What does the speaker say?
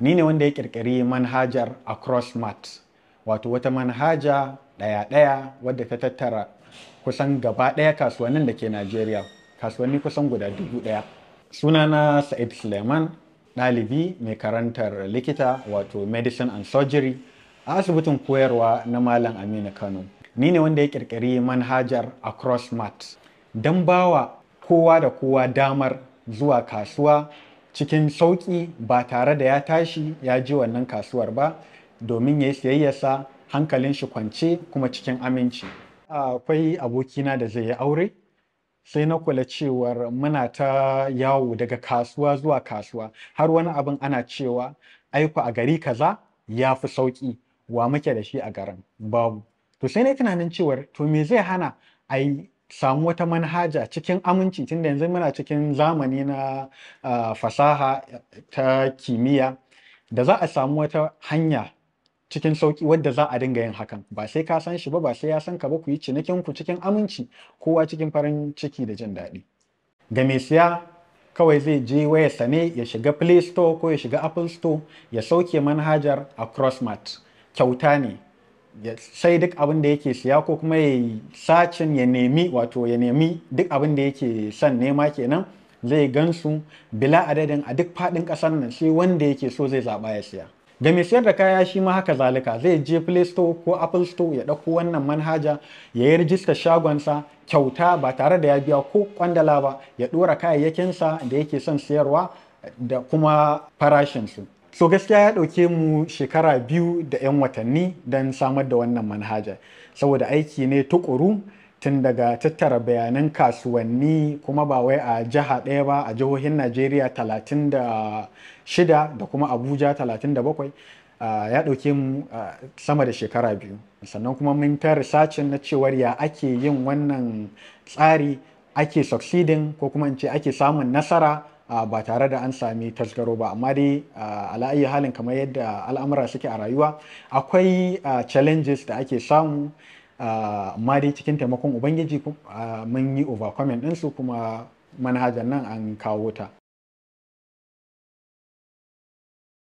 ni ne wanda ya kirkiri manhajar across mat wato wata manhaja ɗaya-ɗaya wadda ta tattara kusan gaba ɗaya kasuwannin da ke najeriya kasuwanni kusan guda dubu ɗaya sunana sa'id suleiman ɗalibi mai karantar likita wato medicine and surgery a asibitin koyarwa na malam aminu kano ni ne wanda ya kirkiri manhajar across mat don bawa kowa da kowa damar zuwa kasuwa cikin sauƙi ba tare da ya tashi ya ji wannan kasuwar ba domin ya yi siyayyarsa hankalin shi kwance kuma cikin aminci. Akwai abokina da zai yi aure, sai na kula cewar muna ta yawo daga kasuwa zuwa kasuwa har wani abin ana cewa aiku a gari kaza ya fi sauƙi wa muke da shi a garin babu. To sai na tunanin cewar to me zai hana a yi samu wata manhaja cikin aminci tunda yanzu muna cikin zamani na uh, fasaha ta kimiyya da za a samu wata hanya cikin sauki wadda za a dinga yin hakan ba sai ka san shi ba ba sai ya san ka ba ku yi cinikin ku cikin aminci kowa cikin farin ciki da jin daɗi ga mai siya kawai zai je waya Sane ya shiga play store ko ya shiga apple store ya sauke manhajar a crossmart kyauta ne sai duk abin da yake siya ko kuma ya sacin ya nemi wato ya nemi duk abin da yake son nema kenan zai gan su bila adadin a duk fadin kasar nan sai wanda yake so zai zaba ya siya ga mai siyar da kaya shi ma haka zalika zai je play store ko apple store ya ɗauko wannan manhaja ya yi rijista shagonsa kyauta ba tare da ya biya ko kwandala ba ya ɗora kayayyakinsa da yake son siyarwa da kuma farashinsu so gaskiya ya ɗauke mu shekara biyu da 'yan watanni don samar da wannan manhaja saboda aiki ne tukuru tun daga tattara bayanan kasuwanni kuma ba wai a jiha ɗaya ba a jihohin najeriya 36 da kuma abuja 37 ya ɗauke mu sama da shekara biyu sannan kuma mun ta risacin na cewar ya ake yin wannan tsari ake succeeding ko kuma in ce ake samun nasara ba tare da an sami tasgaro ba amma dai ala'ayi halin kamar yadda al'amura suke a rayuwa akwai challenges da ake samu amma dai cikin taimakon ubangiji mun yi overcoming ɗinsu kuma manhajar nan an kawo ta